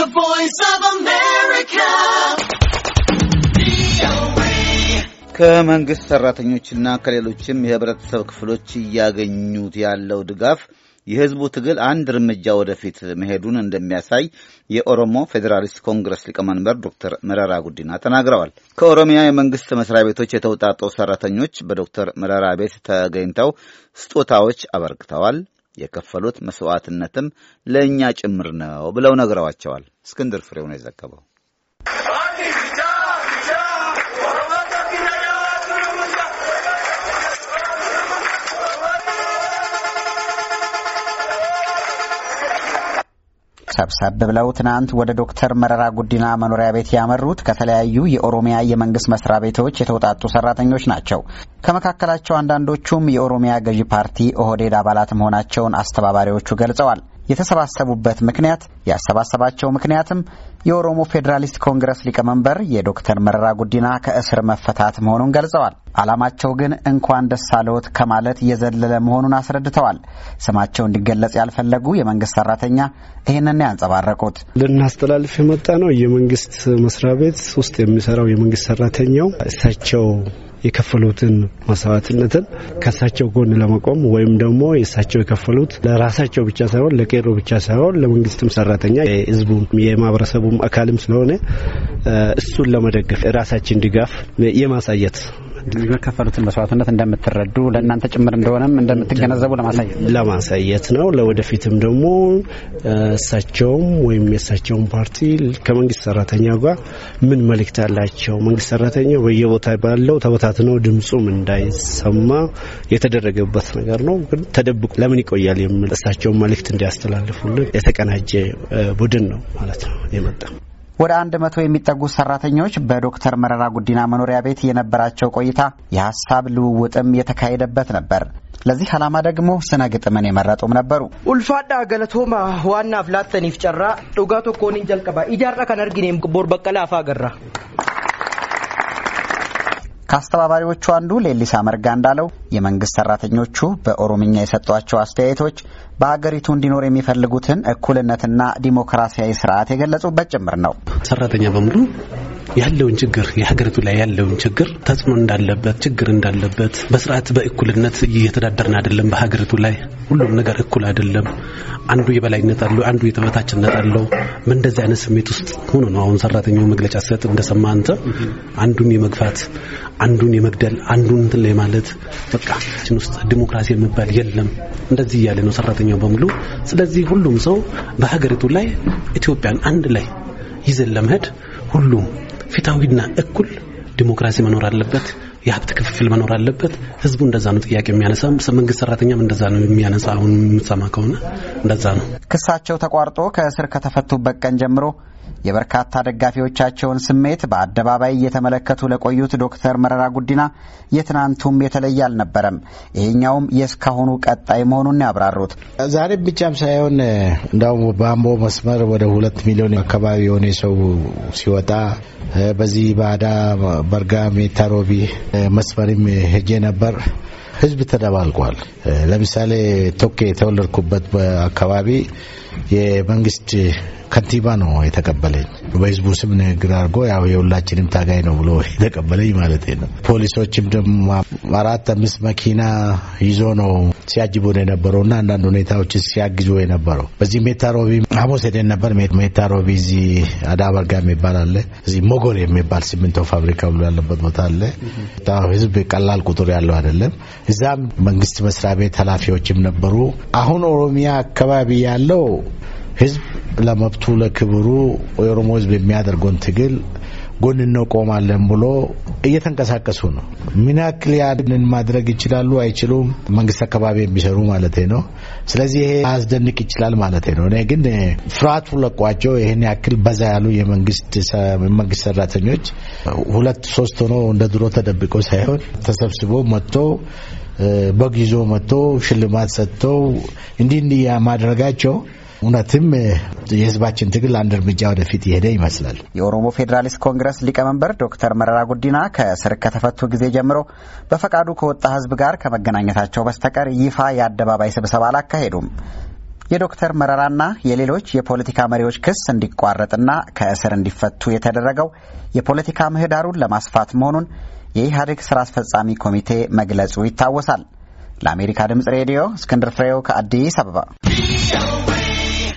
The Voice of America. ከመንግስት ሰራተኞችና ከሌሎችም የህብረተሰብ ክፍሎች እያገኙት ያለው ድጋፍ የህዝቡ ትግል አንድ እርምጃ ወደፊት መሄዱን እንደሚያሳይ የኦሮሞ ፌዴራሊስት ኮንግረስ ሊቀመንበር ዶክተር መረራ ጉዲና ተናግረዋል። ከኦሮሚያ የመንግስት መስሪያ ቤቶች የተውጣጡ ሰራተኞች በዶክተር መረራ ቤት ተገኝተው ስጦታዎች አበርክተዋል። የከፈሉት መስዋዕትነትም ለእኛ ጭምር ነው ብለው ነግረዋቸዋል። እስክንድር ፍሬው ነው የዘገበው። ሰብሰብ ብለው ትናንት ወደ ዶክተር መረራ ጉዲና መኖሪያ ቤት ያመሩት ከተለያዩ የኦሮሚያ የመንግስት መስሪያ ቤቶች የተውጣጡ ሰራተኞች ናቸው። ከመካከላቸው አንዳንዶቹም የኦሮሚያ ገዢ ፓርቲ ኦህዴድ አባላት መሆናቸውን አስተባባሪዎቹ ገልጸዋል። የተሰባሰቡበት ምክንያት ያሰባሰባቸው ምክንያትም የኦሮሞ ፌዴራሊስት ኮንግረስ ሊቀመንበር የዶክተር መረራ ጉዲና ከእስር መፈታት መሆኑን ገልጸዋል። ዓላማቸው ግን እንኳን ደስ አለዎት ከማለት የዘለለ መሆኑን አስረድተዋል። ስማቸው እንዲገለጽ ያልፈለጉ የመንግስት ሰራተኛ ይህንን ያንጸባረቁት ልናስተላልፍ የመጣ ነው። የመንግስት መስሪያ ቤት ውስጥ የሚሰራው የመንግስት ሰራተኛው እሳቸው የከፈሉትን መስዋዕትነትን ከእሳቸው ጎን ለመቆም ወይም ደግሞ የእሳቸው የከፈሉት ለራሳቸው ብቻ ሳይሆን ለቄሮ ብቻ ሳይሆን ለመንግስትም ሰራተኛ የህዝቡም የማህበረሰቡም አካልም ስለሆነ እሱን ለመደገፍ ራሳችን ድጋፍ የማሳየት የከፈሉትን መስዋዕትነት እንደምትረዱ ለእናንተ ጭምር እንደሆነም እንደምትገነዘቡ ለማሳየት ለማሳየት ነው። ለወደፊትም ደግሞ እሳቸውም ወይም የእሳቸውን ፓርቲ ከመንግስት ሰራተኛ ጋር ምን መልእክት አላቸው? መንግስት ሰራተኛው በየቦታ ባለው ተበታትነው ድምፁም እንዳይሰማ የተደረገበት ነገር ነው። ግን ተደብቆ ለምን ይቆያል የሚል እሳቸውን መልእክት እንዲያስተላልፉልን የተቀናጀ ቡድን ነው ማለት ነው የመጣ ወደ አንድ መቶ የሚጠጉ ሰራተኞች በዶክተር መረራ ጉዲና መኖሪያ ቤት የነበራቸው ቆይታ የሀሳብ ልውውጥም የተካሄደበት ነበር። ለዚህ ዓላማ ደግሞ ስነ ግጥምን የመረጡም ነበሩ። ኡልፋዳ ገለቶማ ዋና ፍላተኒፍ ጨራ ዱጋ ኮኒን ጀልቀባ ኢጃራ ከነርጊኔም ቦር በቀላ አፋ ገራ ከአስተባባሪዎቹ አንዱ ሌሊሳ መርጋ እንዳለው የመንግስት ሰራተኞቹ በኦሮምኛ የሰጧቸው አስተያየቶች በሀገሪቱ እንዲኖር የሚፈልጉትን እኩልነትና ዲሞክራሲያዊ ስርዓት የገለጹበት ጭምር ነው። ሰራተኛ በሙሉ ያለውን ችግር የሀገሪቱ ላይ ያለውን ችግር ተጽዕኖ እንዳለበት ችግር እንዳለበት በስርዓት በእኩልነት እየተዳደርን አይደለም። በሀገሪቱ ላይ ሁሉም ነገር እኩል አይደለም። አንዱ የበላይነት አለው፣ አንዱ የተበታችነት አለው። በእንደዚህ አይነት ስሜት ውስጥ ሆኖ ነው አሁን ሰራተኛው መግለጫ ሲሰጥ እንደሰማ አንተ አንዱን የመግፋት አንዱን የመግደል አንዱን እንትን ላይ ማለት በቃ ውስጥ ዲሞክራሲ የሚባል የለም እንደዚህ እያለ ነው ሰራተኛው በሙሉ። ስለዚህ ሁሉም ሰው በሀገሪቱ ላይ ኢትዮጵያን አንድ ላይ ይዘን ለመሄድ ሁሉም ፊታዊና እኩል ዲሞክራሲ መኖር አለበት። የሀብት ክፍፍል መኖር አለበት። ህዝቡ እንደዛ ነው ጥያቄ የሚያነሳ፣ መንግስት ሰራተኛም እንደዛ ነው የሚያነሳ። አሁን የምትሰማ ከሆነ እንደዛ ነው። ክሳቸው ተቋርጦ ከእስር ከተፈቱበት ቀን ጀምሮ የበርካታ ደጋፊዎቻቸውን ስሜት በአደባባይ እየተመለከቱ ለቆዩት ዶክተር መረራ ጉዲና የትናንቱም የተለየ አልነበረም። ይሄኛውም የእስካሁኑ ቀጣይ መሆኑን ያብራሩት ዛሬም ብቻም ሳይሆን እንዳውም በአምቦ መስመር ወደ ሁለት ሚሊዮን አካባቢ የሆነ ሰው ሲወጣ በዚህ ባዳ በርጋ ሜታ መስመርም ሄጄ ነበር። ህዝብ ተደባልቋል። ለምሳሌ ቶኬ የተወለድኩበት አካባቢ የመንግስት ከንቲባ ነው የተቀበለኝ። በህዝቡ ስም ንግግር አድርጎ ያው የሁላችንም ታጋይ ነው ብሎ የተቀበለኝ ማለት ነው። ፖሊሶችም ደግሞ አራት አምስት መኪና ይዞ ነው ሲያጅቡ ነው የነበረው እና አንዳንድ ሁኔታዎች ሲያግዙ የነበረው በዚህ ሜታ ሮቢ ሐሙስ ሄደን ነበር። ሜታ ሮቢ እዚህ አዳበርጋ የሚባል አለ። እዚህ ሞጎል የሚባል ሲሚንቶ ፋብሪካ ብሎ ያለበት ቦታ አለ። ህዝብ ቀላል ቁጥር ያለው አይደለም። እዛም መንግስት መስሪያ ቤት ኃላፊዎችም ነበሩ። አሁን ኦሮሚያ አካባቢ ያለው ህዝብ ለመብቱ ለክብሩ የኦሮሞ ህዝብ የሚያደርገውን ትግል ጎን እንቆማለን ብሎ እየተንቀሳቀሱ ነው። ምን ያክል ያንን ማድረግ ይችላሉ አይችሉም? መንግስት አካባቢ የሚሰሩ ማለት ነው። ስለዚህ ይሄ አያስደንቅ ይችላል ማለት ነው። እኔ ግን ፍርሃቱ ለቋቸው ይህን ያክል በዛ ያሉ የመንግስት ሰራተኞች ሁለት ሶስት ሆኖ እንደ ድሮ ተደብቆ ሳይሆን ተሰብስቦ መጥቶ በግ ይዞ መጥቶ ሽልማት ሰጥተው እንዲህ እንዲህ ማድረጋቸው እውነትም የህዝባችን ትግል አንድ እርምጃ ወደፊት የሄደ ይመስላል። የኦሮሞ ፌዴራሊስት ኮንግረስ ሊቀመንበር ዶክተር መረራ ጉዲና ከእስር ከተፈቱ ጊዜ ጀምሮ በፈቃዱ ከወጣ ህዝብ ጋር ከመገናኘታቸው በስተቀር ይፋ የአደባባይ ስብሰባ አላካሄዱም። የዶክተር መረራና የሌሎች የፖለቲካ መሪዎች ክስ እንዲቋረጥና ከእስር እንዲፈቱ የተደረገው የፖለቲካ ምህዳሩን ለማስፋት መሆኑን የኢህአዴግ ስራ አስፈጻሚ ኮሚቴ መግለጹ ይታወሳል። ለአሜሪካ ድምፅ ሬዲዮ እስክንድር ፍሬው ከአዲስ አበባ